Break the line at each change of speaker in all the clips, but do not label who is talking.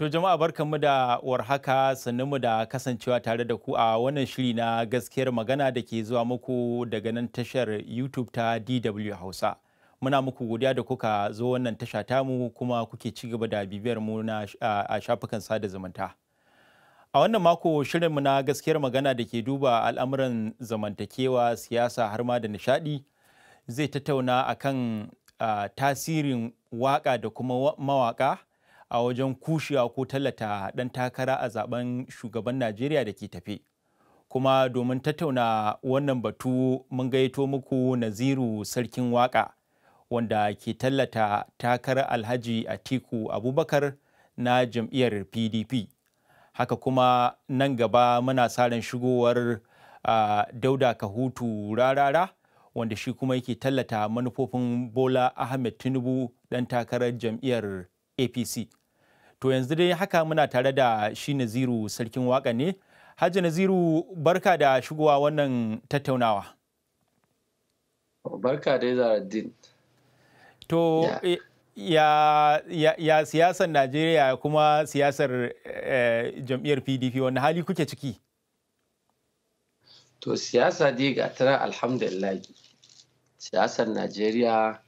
To jama'a barkanmu da warhaka sannunmu da kasancewa tare da ku a wannan shiri na gaskiyar magana da ke zuwa muku daga nan tashar YouTube ta DW Hausa. Muna muku godiya da kuka zo wannan tasha tamu kuma kuke ci gaba da bibiyar mu na a shafukan sada zumunta. A wannan mako mu na gaskiyar magana da ke duba al'amuran zamantakewa, siyasa har ma da nishadi zai tattauna akan tasirin waka da kuma mawaka. a wajen kushewa ko tallata ɗan takara a zaben shugaban najeriya da ke tafe kuma domin tattauna wannan batu mun gaito muku naziru sarkin waka wanda ke tallata takarar alhaji atiku abubakar na jam'iyyar pdp haka kuma nan gaba muna sa ran shigowar a dauda kahutu rarara wanda shi kuma yake tallata manufofin bola ahmed tinubu ɗan takarar jam'iyyar apc To yanzu dai haka muna tare da shi Naziru sarkin waka ne. Hajji Naziru barka da shigowa wannan tattaunawa.
Barka dai Zaraddin. To eh,
ya, ya, siyasar Najeriya kuma siyasar eh, jam'iyyar PDP wani hali kuke ciki?
To siyasa dai ga tara, alhamdulillah. Siyasar Najeriya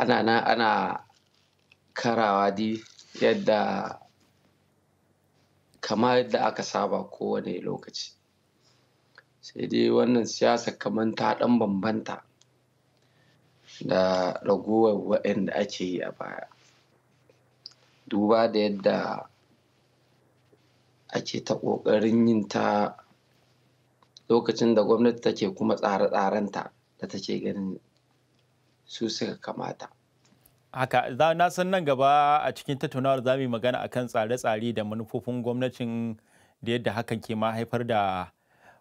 ana nan ana karawa dai yadda kamar yadda aka saba kowane lokaci sai dai wannan siyasar kamar ta ɗan bambanta da ragowar waɗanda ake yi a baya duba da yadda ake ta ƙoƙarin yin ta lokacin da gwamnati take kuma tsare-tsarenta da take ganin su suka kamata
Haka, na san nan gaba a cikin tattaunawar za mu yi magana akan tsare-tsare da manufofin gwamnatin da yadda hakan ke ma haifar da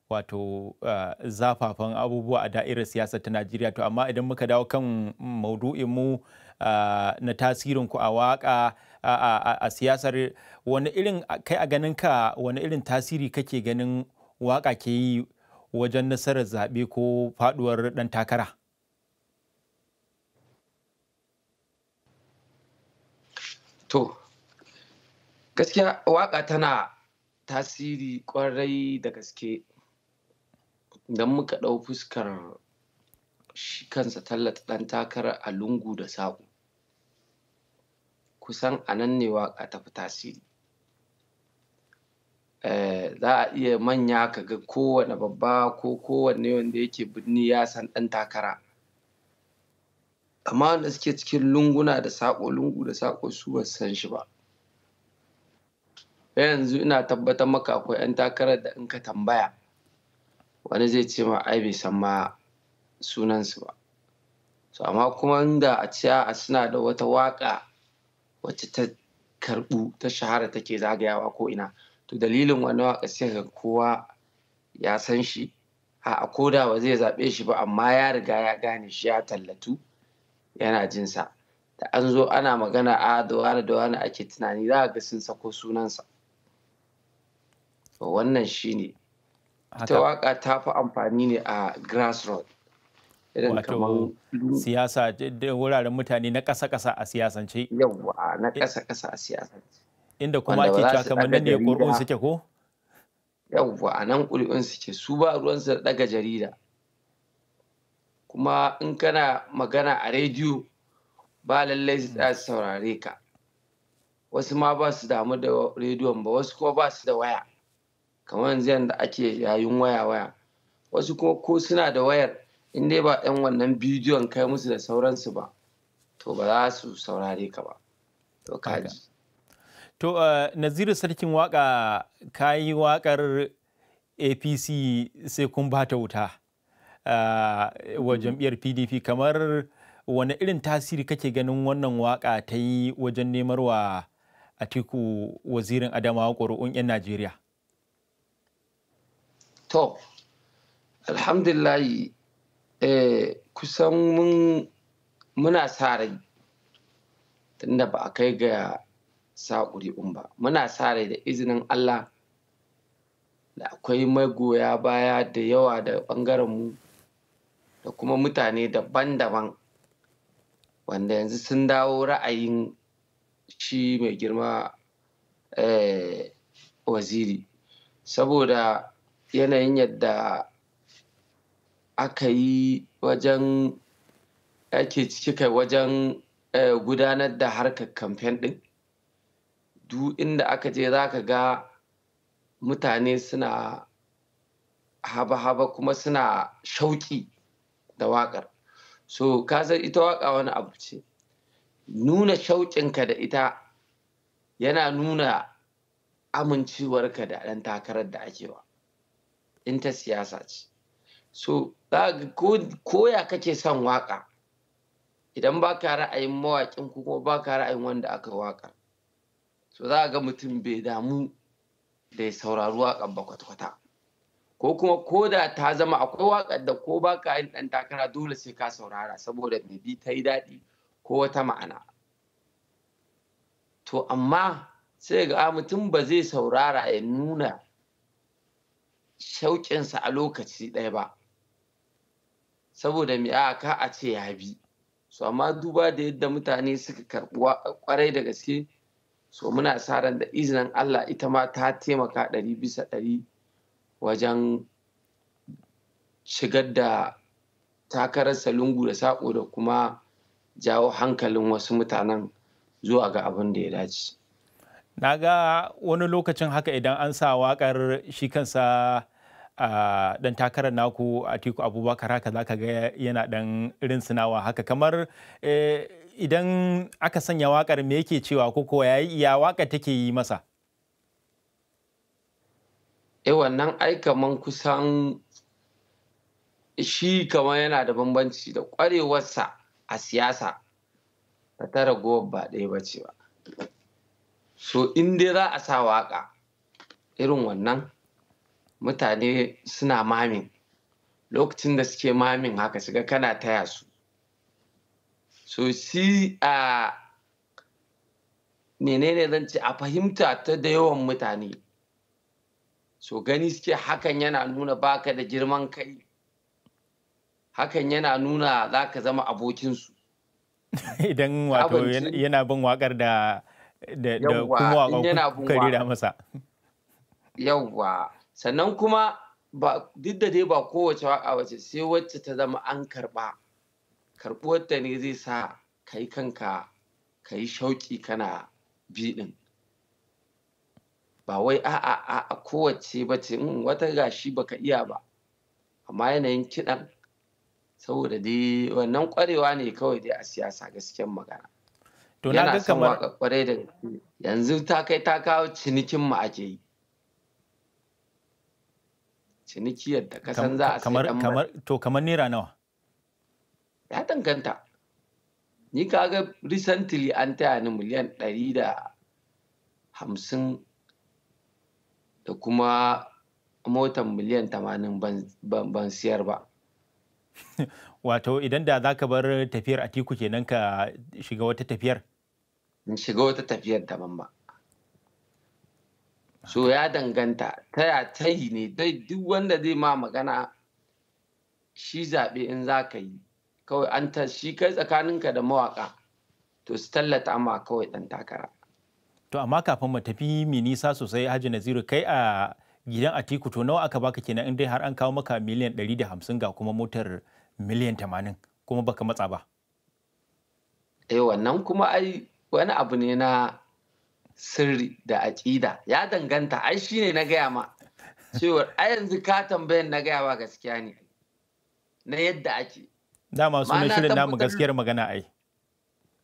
wato eh, zafafan abubuwa a da'irar siyasar ta Najeriya. To, amma idan muka dawo kan maudu'in mu eh, na tasirin ku a waka a siyasar wani irin kai a ganin ka wani irin tasiri kake ganin waka ke yi wajen nasarar zaɓe ko faɗuwar ɗan takara?
To, gaskiya waƙa tana tasiri ƙwarai da gaske don muka ɗau fuskar shi kansa tallata ɗan takara a lungu da saƙo. Kusan a ne waƙa ta fi tasiri. Eh, za a iya manya ka ga kowane babba ko kowanne wanda yake birni ya san ɗan takara. amma wanda suke cikin lunguna da saƙo lungu da saƙo su ba san shi ba yanzu ina tabbatar maka akwai 'yan takarar da in ka tambaya wani zai ce ma ai bai san ma sunan su ba so amma kuma inda a ciya a suna da wata waka wacce ta karbu ta shahara take zagayawa ko ina to dalilin wani waka sai kowa ya san shi a koda ba zai zaɓe shi ba amma ya riga ya gane shi ya tallatu yana jinsa da an zo ana magana a da wani da ake tunani za a ga sun sako sunansa wannan shi ne ta waka ta fi amfani ne a grassroots irin kamar
siyasa da wuraren mutane na ƙasa-ƙasa a siyasance yawa na ƙasa-ƙasa
a siyasance
inda kuma ake cewa kamar nan ne ƙuri'un suke ko
yawa nan ƙuri'un suke su ba su da daga jarida kuma in kana magana a rediyo ba lallai su saurare ka wasu ma ba su damu da rediyon ba wasu kuma ba su da waya kamar yanzu yadda ake yayin waya waya wasu kuma ko suna da wayar in dai ba yan wannan bidiyon kai musu da sauransu ba to ba za su saurare ka ba to kaji
to uh, naziru sarkin waka kayi wakar apc sai kun ba ta wuta wa mm-hmm. jam'iyyar pdp kamar wani irin tasiri kake ganin wannan waka ta yi wajen nemar wa atiku wazirin adamawa ƙuri'un 'yan najeriya
to alhamdulahi eh, kusan mun muna sa rai tunda ba a kai ga sa ƙuri'un ba muna sa rai da izinin allah da akwai magoya baya da yawa da ɓangaren mu da kuma mutane daban-daban wanda yanzu sun dawo ra'ayin shi mai girma eh, waziri saboda yanayin yadda aka yi wajen ake ciki kai wajen eh, gudanar da harkar kamfen ɗin duk inda aka je za ka ga mutane suna haba-haba kuma suna shauƙi da waƙar so ka ita waƙa wani abu ce nuna shauƙinka da ita yana nuna amincewarka da ɗan takarar da ake wa in ta siyasa ce so koya kake son waƙa idan ba ka ra'ayin mawaƙin ko kuma ba ka ra'ayin wanda aka waƙa so za ga mutum bai damu da ya saurari waƙar ba kwata-kwata ko kuma ko da ta zama akwai waƙar da ko ba ka yin ɗan takara dole sai ka saurara saboda mai bi ta yi daɗi ko wata ma'ana to amma sai ga mutum ba zai saurara ya nuna shauƙinsa a lokaci ɗaya ba saboda mai aka a ce ya bi so amma duba da yadda mutane suka karɓi kwarai da gaske so muna sa ran da izinin Allah ita ma ta taimaka ɗari bisa ɗari wajen shigar da takarar salungu da saƙo da kuma jawo hankalin wasu mutanen zuwa ga abin da ya dace.
Na ga wani lokacin haka idan an sa waƙar shi kansa a ɗan takarar naku Atiku Abubakar haka za ka ga yana ɗan rinsinawa haka kamar eh, idan aka sanya waƙar me yake cewa ko
ya waƙar
take yi masa?
E wannan ai kaman kusan shi kaman yana da bambanci da kwarewarsa a siyasa ta tara goma ba ɗaya ba ce ba so in dai za a sa waƙa irin wannan mutane suna mamin lokacin da suke mamin haka shiga kana taya su so si a menene zan ce a fahimta ta da yawan mutane so gani suke hakan yana nuna baka da girman kai hakan yana nuna za ka zama abokinsu
idan wato yana bin wakar da kuma wakar da masa
yawwa sannan kuma ba duk da dai ba kowace waka wace sai wacce ta zama an karba karbuwar ta ne zai sa kai kanka ka yi shauki kana biɗin ba wai a a a kowace ba ce hmm, wata gashi baka iya ba amma yanayin kiɗan saboda dai wannan kwarewa ne kawai dai a siyasa gaskiyan magana
to na ga kamar
kwarai da yanzu ta kai ta kawo cinikin mu ake yi ciniki yadda ka san za a kamar kamar to kamar nera nawa ya danganta ni kaga recently an taya ni miliyan ɗari da hamsin da kuma motan miliyan 80 ban siyar ba.
Wato idan da za ka bar tafiyar a Atiku kenan ka shiga wata tafiyar?
Shiga wata tafiyar daban ba. So ya danganta ta yi ne dai duk wanda zai ma magana shi zaɓe in za ka yi. Kawai an ta shi kai tsakaninka da mawaƙa to su tallata ma kawai ɗan takara.
to amma kafin mu tafi mi nisa sosai hajji naziru kai a gidan atiku to nawa aka baka kenan in dai har an kawo maka miliyan 150 ga kuma motar miliyan 80 kuma
baka matsa ba eh wannan kuma ai wani abu ne na sirri da aƙida ya danganta ai shine na gaya ma cewar a yanzu ka tambayan na gaya ba gaskiya ne na yadda ake dama sunan shirin namu gaskiyar magana ai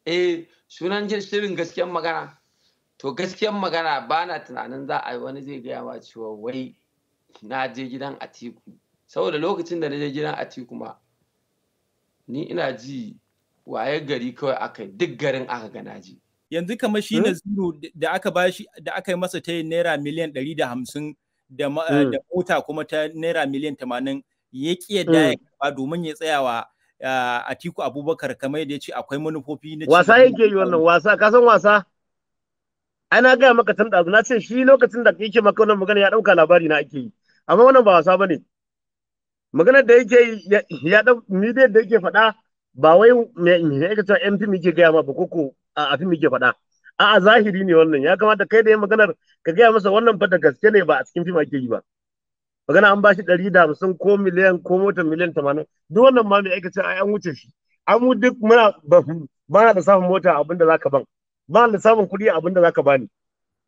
eh sunan shirin gaskiyar magana to gaskiyan magana ba na tunanin za a yi wani zai gaya ma cewa wai na je gidan atiku saboda lokacin da na je gidan atiku ma ni ina ji waye gari kawai aka duk garin aka gana ji
yanzu kamar shi eh? na zuru da aka bashi da aka yi masa ta naira miliyan ɗari da hamsin hmm. da mota kuma ta naira miliyan tamanin ya ƙi yadda hmm. ya gaba domin ya tsayawa ah, Atiku Abubakar kamar yadda ya ce akwai manufofi na wasa yake yi wannan
wasa ka wasa ana gaya maka tun da na ce shi lokacin da yake maka wannan magana ya ɗauka labari na ake yi amma wannan ba wasa bane magana maganar da yake ya ɗau midiyar da yake faɗa ba wai me yake cewa yan fim yake gaya ma ba koko a fim yake faɗa a'a zahiri ne wannan ya kamata kai da ya maganar ka gaya masa wannan fa da gaske ne ba a cikin fim ake yi ba magana an bashi ɗari da hamsin ko miliyan ko mota miliyan tamanin duk wannan ma mai aikacin ai an wuce shi an mu duk muna ba da samun mota abinda da zaka ban ba lissafin kuɗi abin da zaka bani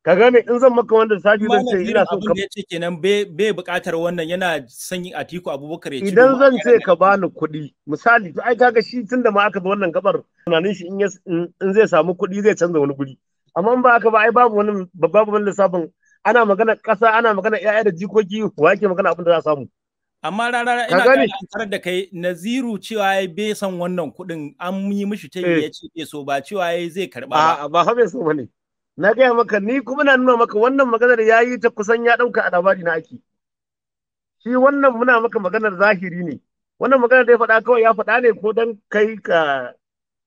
ka gane in zan maka wanda saji zan ce ina so ka yace
kenan be buƙatar wannan yana yin Atiku Abubakar ya ci idan zan ce ka
bani kuɗi misali to ai kaga shi tunda ma aka zo wannan gabar tunanin shi in zai samu kuɗi zai canza wani guri amma in ba haka ba ai babu wani babu lissafin ana magana ƙasa ana magana 'ya'ya da jikoki wa yake magana abin da za a samu
amma rara ina tare da kai naziru cewa ya bai san wannan kuɗin an yi mishi ta eh. ya ce bai so ba cewa ya zai karɓa
ba ba fa bai so ne na gaya maka ni kuma na nuna maka wannan maganar ya yi ta kusan ya ɗauka a labari na ake shi wannan muna maka maganar zahiri ne wannan maganar da ya faɗa kawai ya faɗa ne ko dan kai ka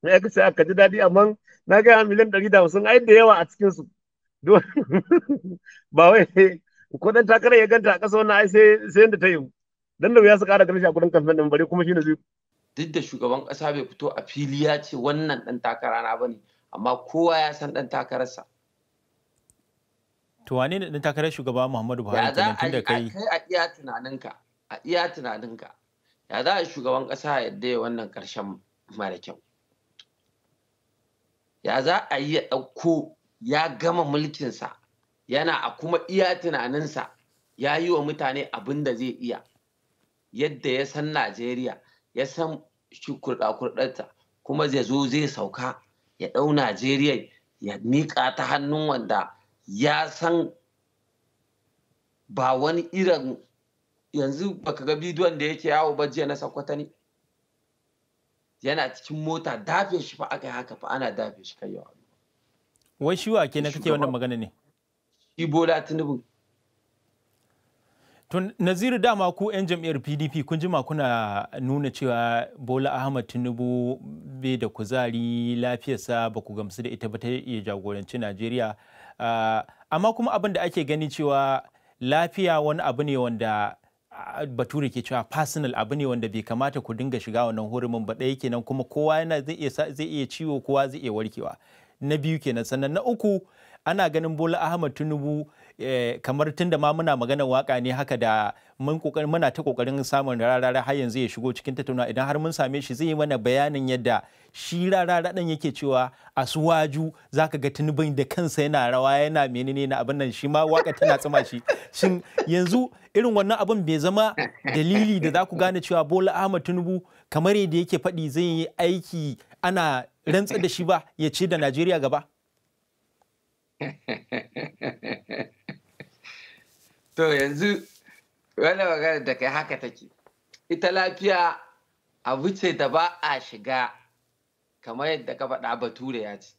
na yaka sai aka ji daɗi amma na gaya miliyan ɗari da hamsin ai da yawa a su ba wai ko dan takarar ya ganta a ƙasa wannan ai sai sai da ta yi dan da ya su kara karshe a kudin kamfen din bare kuma shine zai
duk da shugaban kasa bai fito a fili ya ce wannan dan takara na bane amma kowa ya san dan takararsa
to wane ne dan takarar shugaba Muhammadu Buhari ya tun da kai
a iya tunaninka a iya ka ya za a shugaban kasa ya yadda wannan karshen mara kyau ya za a yi ya ɗauko ya gama mulkinsa yana a kuma iya tunaninsa ya yi wa mutane abin da zai iya yadda ya san Najeriya ya san shi kurɗa-kurɗarta kuma zai zo zai sauka ya ɗau Najeriya ya miƙa ta hannun wanda ya san ba wani irin yanzu baka ga bidiyon da yake yawo ba jiya na sakwata ne yana cikin mota dafe shi fa aka yi haka fa ana dafe shi kai yawa
wai shi wa na kake wannan magana ne shi bola tinubu Tun Naziru dama ku 'yan jam'iyyar PDP kun jima kuna nuna cewa Bola Ahmad Tinubu bai da kuzari lafiyarsa ba ku gamsu da ita ba ta iya jagoranci Najeriya. Ah, amma kuma abin da ake gani cewa lafiya wani abu ne wanda ah, bature ke cewa personal abu ne wanda bai kamata ku dinga shiga wannan hurumin ba ɗaya kenan kuma kowa yana zai iya ciwo kowa zai iya warkewa. Na biyu kenan sannan na uku ana ganin Bola Ahmad Tinubu Eh, kamar tunda ma muna maganar waka ne haka da mun muna ta kokarin samun rarara har yanzu ya shigo cikin tattauna idan har mun same shi zai yi mana bayanin yadda shi rarara dan yake cewa a su za zaka ga tunubin da kansa yana rawa yana menene na abin nan shi ma waka tana tsima shi shin yanzu irin wannan abin bai zama dalili da za ku gane cewa Bola Ahmad Tinubu kamar yadda yake faɗi zai yi aiki ana rantsa da shi ba ya ce da Najeriya gaba
to yanzu wani magana da kai haka take ita lafiya abu ce da ba a shiga kamar yadda ka faɗa bature ya ce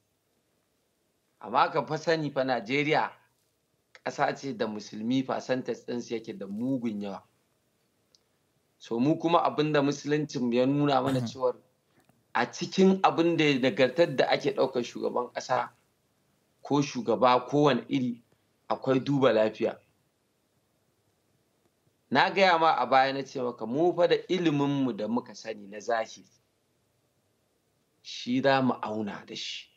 amma ka fa sani fa najeriya ƙasa ce da musulmi fasanta ɗinsu yake da mugun yawa so mu kuma abinda da musuluncin ya nuna mana mhm. cewar a cikin abin da ya nagartar da ake ɗaukar shugaban ƙasa ko shugaba kowane iri akwai duba lafiya na gaya ma a baya na ce maka mu fa da iliminmu da muka sani na zahiri shi za mu auna da shi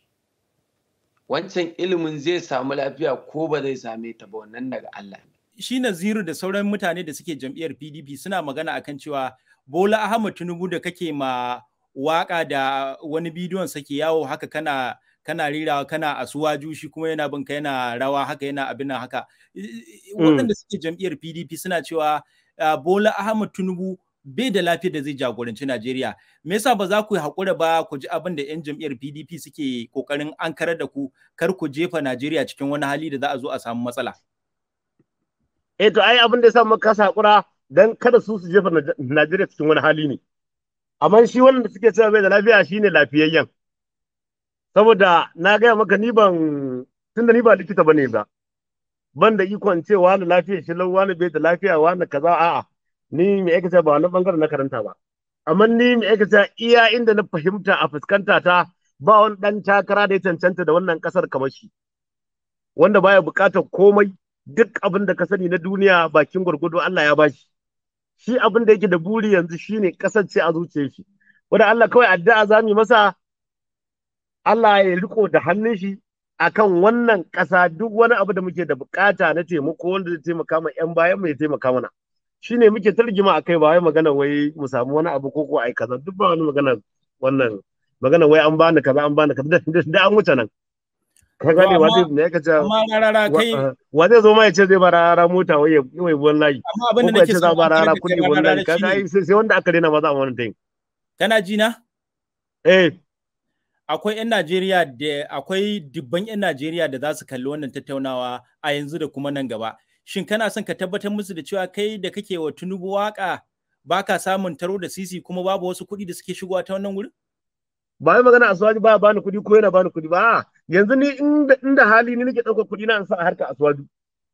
wancan ilimin zai samu lafiya ko ba zai same ta ba wannan daga Allah
shi naziru da sauran mutane da suke jam'iyyar PDP suna magana akan cewa Bola Ahmad Tinubu da kake ma waka da wani bidiyon sake yawo haka kana kana rirawa kana asuwa jushi kuma yana binka yana rawa haka yana abin nan haka hmm. waɗanda suke jam'iyyar PDP suna cewa ah, Bola Ahmed Tinubu bai da lafiya da zai jagoranci Najeriya me yasa ba za ku haƙura ba ku ji abin da 'yan jam'iyyar PDP suke kokarin ankarar da ku kar ku jefa Najeriya cikin wani hali da za a zo a samu matsala
eh to ai abin da yasa muka sakura dan kada su su jefa Najeriya cikin wani hali ne amma shi wanda suke cewa bai da lafiya shine lafiyayyen saboda na gaya maka ni ban tunda ni ba likita bane ba ban da ikon cewa na lafiya shi lau wani bai da lafiya wani kaza a'a ni mai aikata ba wani bangaren na karanta ba amma ni mai aikata iya inda na fahimta a fuskanta ta ba wani dan takara da ya cancanta da wannan kasar kamar shi wanda baya bukatar komai duk abin da ka sani na duniya bakin gwargwado Allah ya bashi shi abin da yake da buri yanzu shine kasar a zuciyar shi wanda Allah kawai addu'a zamu masa Allah ya riko da hannun shi akan wannan ƙasa duk wani abu da muke da bukata na taimako wanda zai taimaka ma 'yan bayan mu ya taimaka mana shine muke tarjima akai ba wai magana wai mu samu wani abu ko ko ai kaza duk ba wani magana wannan magana wai an bani kaza an bani kaza da an wuce nan ka gane wa zai ne kace wa zai zo ma ya ce zai bara rara mota wai wai buwan layi amma abin da nake so za bara rara kudi buwan layi sai wanda aka rena ma za a wannan tayin
kana ji na eh akwai 'yan Najeriya da akwai dubban 'yan Najeriya da za su kalli wannan tattaunawa a yanzu da kuma nan gaba. Shin kana son ka tabbatar musu da cewa kai da kake wa Tinubu waka ka samun taro da sisi kuma babu wasu kuɗi da suke shigowa ta wannan wurin?
Ba yi magana asuwaji ba bani kuɗi ko yana bani kuɗi ba. Yanzu ni inda inda hali ni nake ɗaukar kuɗi na in sa a harka asuwaji.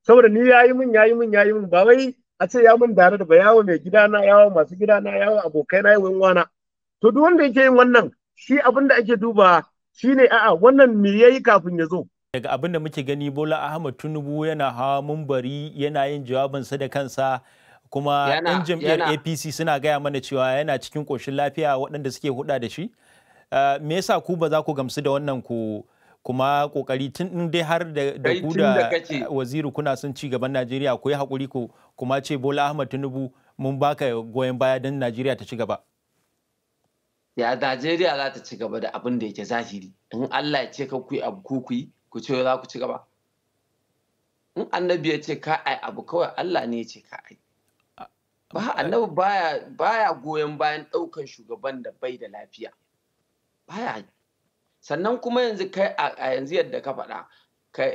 Saboda ni ya yi min ya yi min ya yi min ba wai a ce ya min dare da ba yawo mai gidana yawo masu gidana yawo abokai na yawo wana. To duk wanda yake yin wannan shi abin da ake duba shine a'a wannan me yayi kafin ya zo
daga abin da muke gani Bola Ahmad Tinubu yana hawa mumbari yana yin jawabinsa da kansa kuma yan jam'iyyar APC suna gaya mana cewa yana cikin ƙoshin lafiya waɗanda suke huɗa da shi eh, me yasa ku ba za ku gamsu da wannan ku kuma kokari tun in dai har da ku da waziri kuna son ci gaban Najeriya ku yi hakuri ku kuma ce Bola Ahmad Tinubu mun baka goyon baya don Najeriya ta ci gaba
ya Najeriya za ta ci gaba da abin da yake zahiri in Allah ya ce ka ku abu ku ku ku ce za ku ci gaba in annabi ya ce ka ai abu kawai Allah ne ya ce ka ai ba annabi baya baya goyon bayan daukan shugaban da bai da lafiya baya sannan kuma yanzu kai a yanzu yadda ka faɗa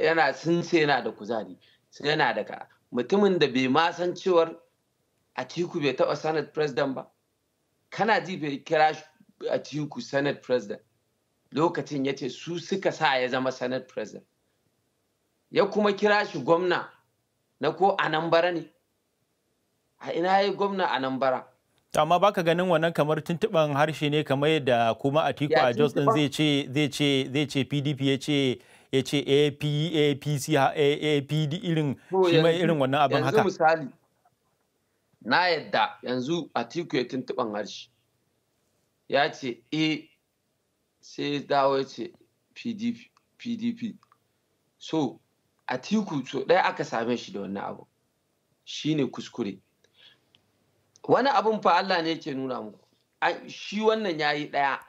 yana sun sai yana da kuzari sun yana da ka mutumin da bai ma san cewar tiku bai taɓa sanad President ba kana ji bai kira a tiku senate president lokacin ya ce su suka sa ya zama senate president ya kuma kira shi gwamna na ko anambara ne a ina ya yi gwamna anambara
amma baka ganin wannan kamar tuntuban harshe ne kamar yadda kuma atiku a jos din zai ce zai ce zai ce pdp ya ce ya ce apc apd irin shi mai irin wannan abin haka yanzu misali
na yadda yanzu atiku ya tuntuban harshe ya ce e sai dawo ce pdp pdp so tiku so ɗaya aka same shi da wannan abu shine kuskure wani abun fa Allah ne ke nuna muku shi wannan ya yi ɗaya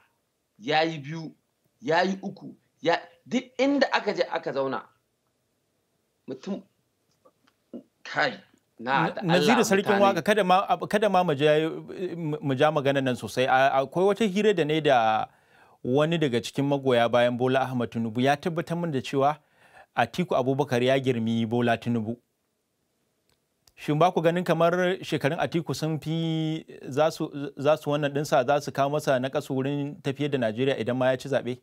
ya yi biyu ya yi uku ya duk inda aka je aka zauna mutum kai naziru sarkin waka
kada ma kada ma mu ja magana nan sosai akwai wata hira da ne da wani daga cikin magoya bayan Bola Ahmad Tinubu ya tabbatar min da cewa Atiku Abubakar ya girmi Bola Tinubu shin ba ku ganin kamar shekarun Atiku sun fi za su wannan dinsa za su kawo masa na kasu wurin tafiyar da Najeriya idan ma ya ci zaɓe?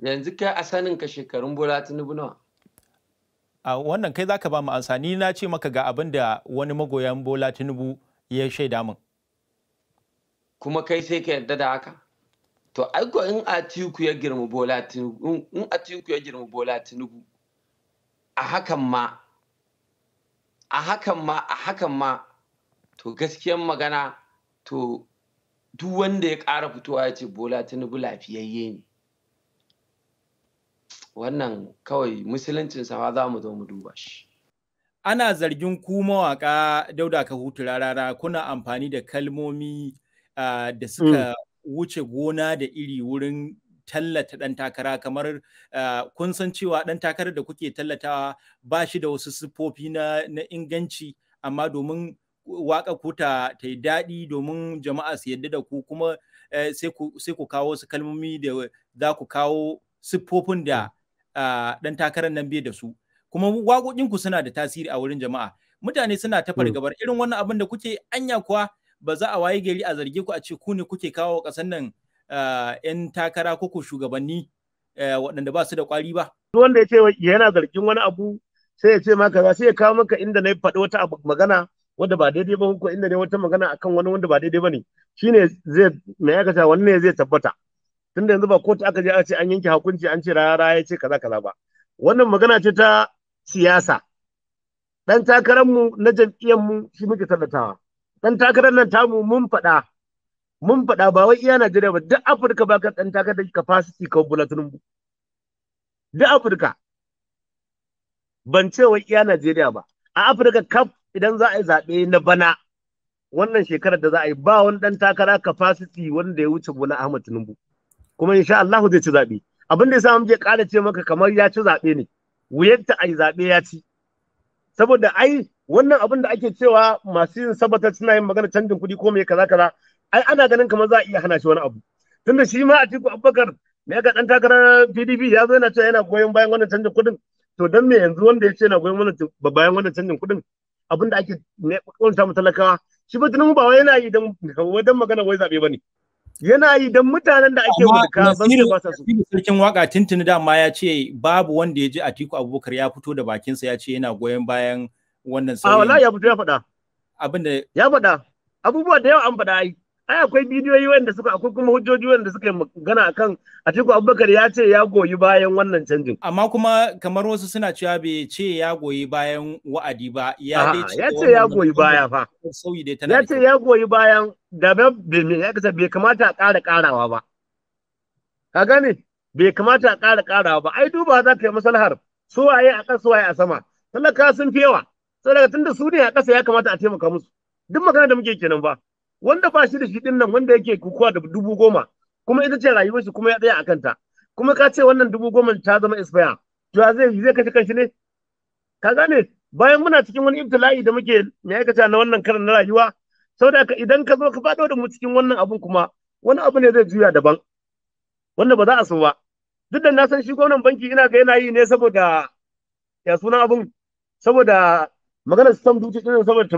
Yanzu ka a sanin ka shekarun Bola Tinubu nawa?
a wannan kai zaka ba mu ansa ni na ce maka ga abin da wani magoyan Bola
Tinubu ya shaida min kuma kai sai ka yarda da haka to aiko in Atiku ya girma Bola Tinubu in Atiku ya girma Bola Tinubu a hakan ma a hakan ma a hakan ma to gaskiyan magana to duk wanda ya ƙara fitowa ya ce Bola Tinubu lafiyayye ne wannan kawai musuluncin sama za mu zo mu duba shi ana zargin
ku mawaƙa dauda ka hutu rarara kuna amfani da kalmomi uh, da suka mm. wuce gona da iri wurin tallata ɗan takara kamar uh, kun san cewa ɗan takarar da kuke tallatawa ba shi da wasu siffofi na, inganci amma domin waka kuta ta yi daɗi domin jama'a su yadda da ku kuma eh, sai ku kawo su kalmomi da za ku kawo siffofin da mm. dan takarar nan biye da su kuma waƙoƙinku suna da tasiri a wurin jama'a mutane suna ta mm. fargabar irin wannan abin da kuke anya kuwa ba za a waye gari a zarge ku a ce ku ne kuke kawo ƙasar nan yan takara ko ku shugabanni waɗanda ba su da ƙwari ba.
wanda ya ce yana zargin wani abu sai ya ce maka za sai ya kawo maka inda na faɗi wata magana wanda ba daidai ba ko inda ne wata magana akan wani wanda ba daidai ba ne shine zai me wannan ne zai tabbata tunda yanzu ba kotu aka je aka ce an yanke hukunci an ce rara ya ce kaza kaza ba wannan magana ce ta siyasa dan takarar mu na jam'iyyar mu shi muke tallatawa dan takarar nan tamu mun faɗa mun faɗa ba wai iya Najeriya ba duk Afirka ba ka dan takarar capacity ka bulletin mu duk Afirka ban ce wai iya Najeriya ba a Afirka kaf idan za a yi zaɓe na bana wannan shekarar da za a yi ba wani dan takara capacity wanda ya wuce Bola Ahmad Tinubu kuma insha Allah zai ci zaɓe abin da ya sa muke ƙara ce maka kamar ya ci zaɓe ne wuyarta ai zaɓe ya ci saboda ai wannan abin da ake cewa masu yin sabata suna yin magana canjin kuɗi ko mai kaza kaza ai ana ganin kamar za a iya hana shi wani abu tunda shi ma Atiku Abubakar me ga ɗan takarar PDP ya zo yana cewa yana goyon bayan wannan canjin kuɗin to don me yanzu wanda ya ce yana goyon wannan bayan wannan canjin kuɗin abin da ake ne kunta mu talakawa shi ba tunan ba wai yana yi don magana wai zaɓe ba ne. yana yi don mutanen da ake mulka ban su ba su
sarkin waka tintini dama ya ce babu wanda ya ji Atiku Abubakar ya fito da bakinsa ya ce yana goyon bayan wannan sauyi. A wala ya fito ya faɗa. Abin da
ya faɗa. Abubuwa da yawa an faɗa ai. ai akwai bidiyoyi wanda suka akwai kuma hujjoji wanda suka magana akan Atiku Abubakar ya ce ya goyi bayan wannan canjin. Amma kuma kamar wasu
suna cewa bai ce ya goyi bayan wa'adi ba ya ce ya ce ya goyi baya
fa. Ya ce ya goyi bayan da ya kasa bai kamata a ƙara ƙarawa ba. Ka gane bai kamata a ƙara ƙarawa ba ai duba za ka yi masalhar su waye a ƙasa waye a sama talaka sun fi yawa saboda tunda su ne a ƙasa ya kamata a taimaka musu duk magana da muke kenan ba. wanda ba shi da shi din nan wanda yake kukuwa da dubu goma kuma ita ce shi kuma ya tsaya a kanta kuma ka ce wannan dubu goma ta zama expire to ya zai zai kashe kanshi ne ka gane bayan muna cikin wani ibtila'i da muke mai aikata na wannan karan na rayuwa saboda haka idan ka zo ka faɗo da mu cikin wannan abun kuma wani abu ne zai juya daban wanda ba za a so ba duk da na san shi gwamnan banki ina ga yana yi ne saboda ya sunan abun saboda maganar sam san dutse, saboda ta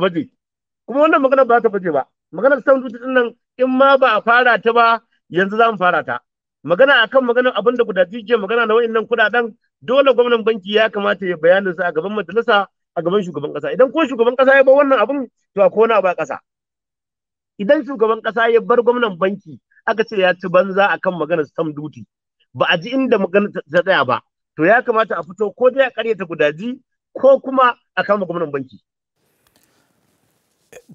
kuma wannan magana ba ta baje ba maganar stamp duty din nan in ma ba a fara ta ba yanzu za mu fara ta magana akan maganar abin da guda ke magana na wayannan kudaden dole gwamnan banki ya kamata ya bayanin sa a gaban majalisa a gaban shugaban kasa idan ko shugaban kasa ya bar wannan abin to a kona ba kasa idan shugaban kasa ya bar gwamnan banki aka ce ya ci banza akan maganar stamp duty ba a ji inda magana ta tsaya ba to ya kamata a fito ko dai a karyata gudaji ko kuma a kama gwamnan banki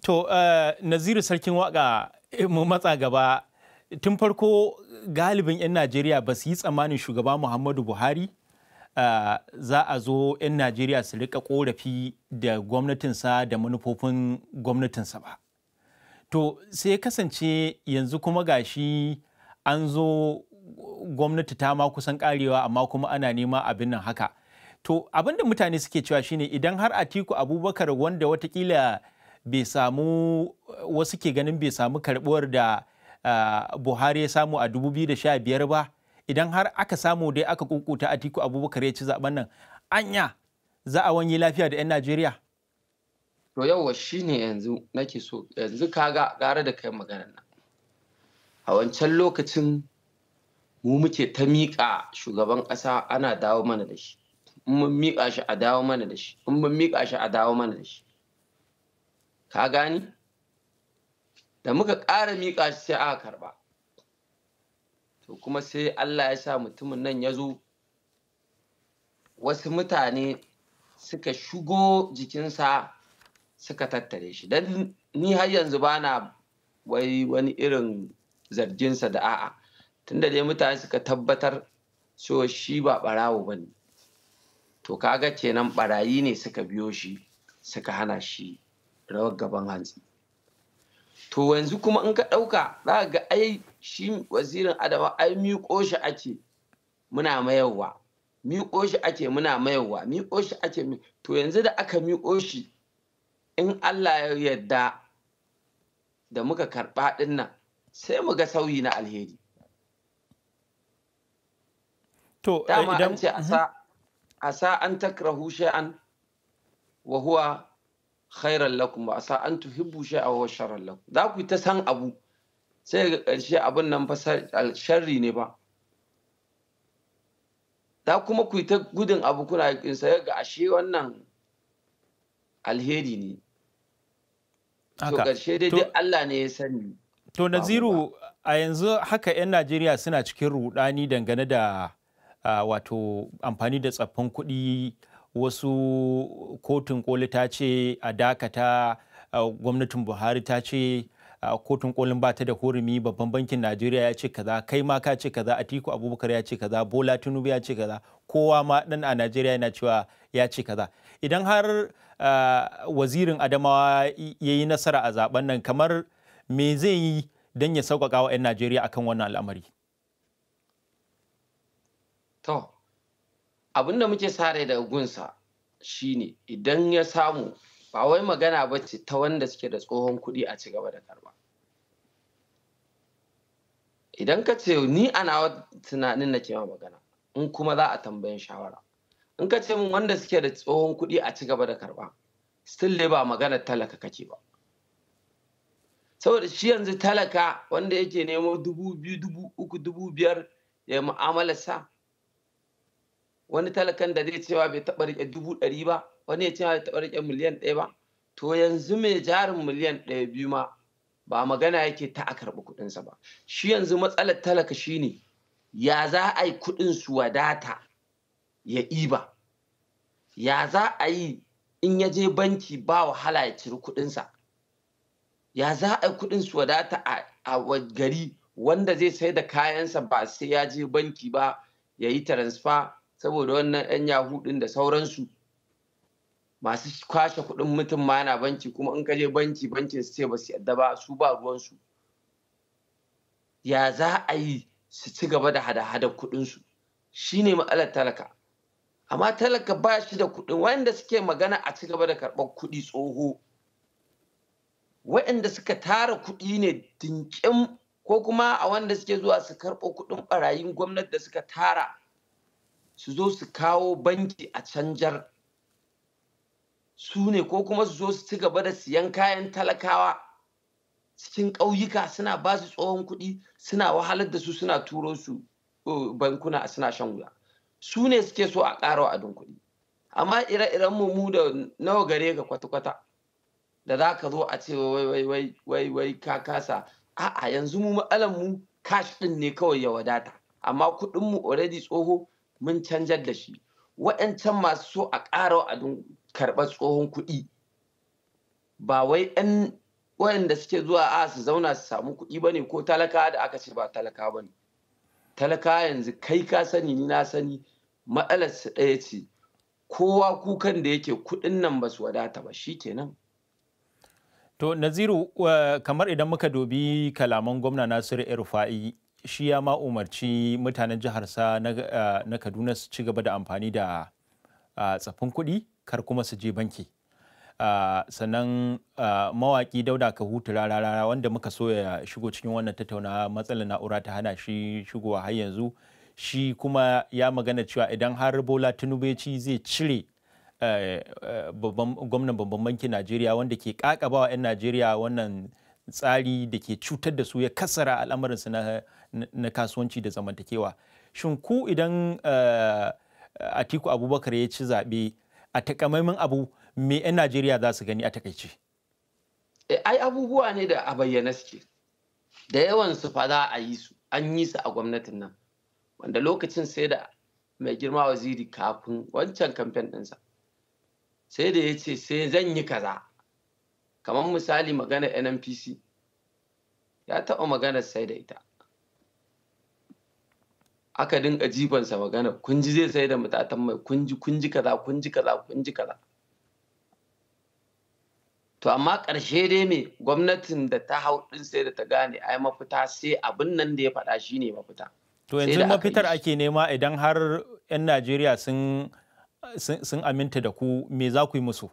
To, eh, Naziru Sarkin Waka eh, mu matsa gaba tun farko galibin 'yan Najeriya ba su yi tsammanin shugaba Muhammadu Buhari uh, za a zo 'yan Najeriya su rika korafi da gwamnatinsa da manufofin gwamnatinsa ba. To, sai kasance yanzu kuma gashi an zo gwamnati ta ma kusan karewa amma kuma ana nema abin nan haka. To abin da mutane suke cewa shine idan har Atiku Abubakar wanda watakila bai samu wasu ke ganin bai samu karbuwar da buhari ya samu a 2015 ba idan har aka samu dai aka kukuta tiku abubakar ya ci zaben nan anya
za a yi lafiya da 'yan najeriya to shi ne yanzu nake so yanzu kaga gara da kai maganar nan a wancan lokacin mu muke ta miƙa shugaban ƙasa ana dawo mana da shi in mun miƙa shi a dawo mana da shi in mun miƙa shi a dawo mana da shi ka gani da muka ƙara miƙa shi sai aka karɓa to kuma sai allah ya sa mutumin nan ya zo wasu mutane suka shigo jikinsa suka tattare shi don ni har yanzu ba na wai wani irin zarginsa da a'a tunda dai mutane suka tabbatar so shi ba ɓarawo ba ne to kaga kenan ɓarayi ne suka biyo shi suka hana shi rawar gaban hanzi to yanzu kuma in ka ɗauka za ga ai shi wazirin adama ai miƙo shi ake muna mayarwa miƙo shi ake muna mayarwa miƙo shi ake to yanzu da aka miƙo shi in Allah ya yarda da muka karɓa ɗin nan sai mu ga sauyi na alheri to eh, dama an ce mhm. a sa an takrahu shay'an wa huwa khairan lakum ba asa an tuhibbu shay'a wa sharran lakum za ku ta san abu sai ga ƙarshe abin nan fa sharri ne ba da kuma ku ta gudun abu kuna yakin sai ga ashe wannan alheri ne to ƙarshe dai dai Allah ne ya sani
to naziru a yanzu haka 'yan najeriya suna cikin rudani dangane da wato amfani da tsaffin kuɗi wasu kotun koli ta ce a dakata gwamnatin buhari ta ce kotun kolin ba ta da horumi babban bankin najeriya ya ce kaza kai ma ka ce kaza atiku abubakar ya ce kaza bola tinubu ya ce kaza kowa ma dan a najeriya yana cewa ya ce kaza idan har wazirin adamawa ya yi nasara a zaben nan kamar me zai yi don ya sauƙaƙa wa 'yan najeriya akan wannan al'amari
abin da muke sare da gunsa shine idan ya samu ba wai magana ba ce ta wanda suke da tsohon kuɗi a ci da karba idan ka ce ni ana tunanin na ke magana in kuma za a tambayin shawara in ka ce min wanda suke da tsohon kuɗi a cigaba da karba still ba magana talaka kake ba saboda shi yanzu talaka wanda yake nemo dubu biyu dubu uku dubu biyar ya sa. wani talakan da zai cewa bai taɓa riƙe dubu ɗari ba wani ya cewa bai taɓa riƙe miliyan ɗaya ba to yanzu mai jarin miliyan ɗaya biyu ma ba magana yake ta a karɓi kuɗinsa ba shi yanzu matsalar talaka shi ne. ya za a yi kuɗin su wadata ya iba ya za a yi in ya je banki ba wahala ya ciri kuɗinsa ya za a yi kuɗin su wadata a gari wanda zai sai da kayansa ba sai ya je banki ba ya yi transfer saboda wannan 'yan yahu ɗin da sauransu masu kwashe kuɗin mutum ma yana banki kuma in ka je banki bankin su ce ba su yadda ba su ba ruwansu ya za a yi su ci gaba da hada-hada kuɗinsu shi ne matsalar talaka amma talaka ba shi da kuɗin wanda suke magana a ci gaba da karɓar kuɗi tsoho waɗanda suka tara kuɗi ne dinkin ko kuma a wanda suke zuwa su karɓo kuɗin ɓarayin gwamnati da suka tara su zo su kawo banki a canjar su ne ko kuma su zo su ci gaba da siyan kayan talakawa cikin ƙauyuka suna ba su tsohon kuɗi suna wahalar da su suna turo su bankuna suna shan wuya su ne suke so a ƙara wa'adin kuɗi amma ire-iren mu da nawa gare ga kwata-kwata da za ka zo a ce wai wai wai wai ka kasa a'a yanzu mu matsalar mu kash ɗin ne kawai ya wadata amma kuɗinmu mu already tsoho mun canjar da shi waɗancan masu so a ƙara wa'adin karɓar tsohon kuɗi ba wai 'yan waɗanda suke zuwa a su zauna su samu kuɗi ba ne ko talaka da aka ce ba talaka ba ne talaka yanzu kai ka sani ni na sani matsalar su ɗaya ce kowa kukan da yake kuɗin nan ba su wadata ba shi kenan to naziru
kamar idan muka dobi kalaman gwamna nasiru rufa'i shi ya ma umarci mutanen jiharsa eh, na kaduna su ci gaba da amfani da eh, tsaffin kuɗi kar kuma su je banki eh, sannan mawaƙi dauda ka hutu rarara wanda muka so ya shigo cikin wannan tattauna matsalar na'ura ta hana shi shigowa har yanzu shi kuma ya magana cewa idan har bola tinubu ci zai cire gwamnan babban bankin najeriya wanda ke kakabawa 'yan najeriya wannan tsari da ke cutar da su ya kasara al'amuransu na, na kasuwanci da zamantakewa shin ku idan eh, atiku abubakar ya ci zaɓe a takamaiman abu me 'yan najeriya za su gani a takaice
eh, ai abubuwa ne da a bayyana suke da yawan su fa za a yi su an yi su a gwamnatin nan wanda lokacin sai da mai girma waziri kafin wancan kamfen ɗinsa sai da ya ce sai zan yi kaza kamar misali magana nnpc ya taɓa maganar sai da ita aka dinga jibansa magana kun ji zai sai da matatan mai kun ji kaza kun ji kaza kun ji kaza to amma ƙarshe dai me gwamnatin da ta hau ɗin sai da ta gane ai mafita sai abin nan da ya faɗa shine mafita
to yanzu mafitar ake nema idan har 'yan najeriya sun aminta da ku me za ku yi musu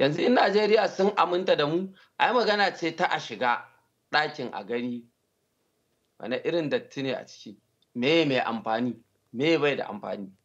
yanzu in najeriya sun aminta da mu ai magana ce ta a shiga ɗakin a gani Wane irin datti ne a ciki me mai amfani me bai da amfani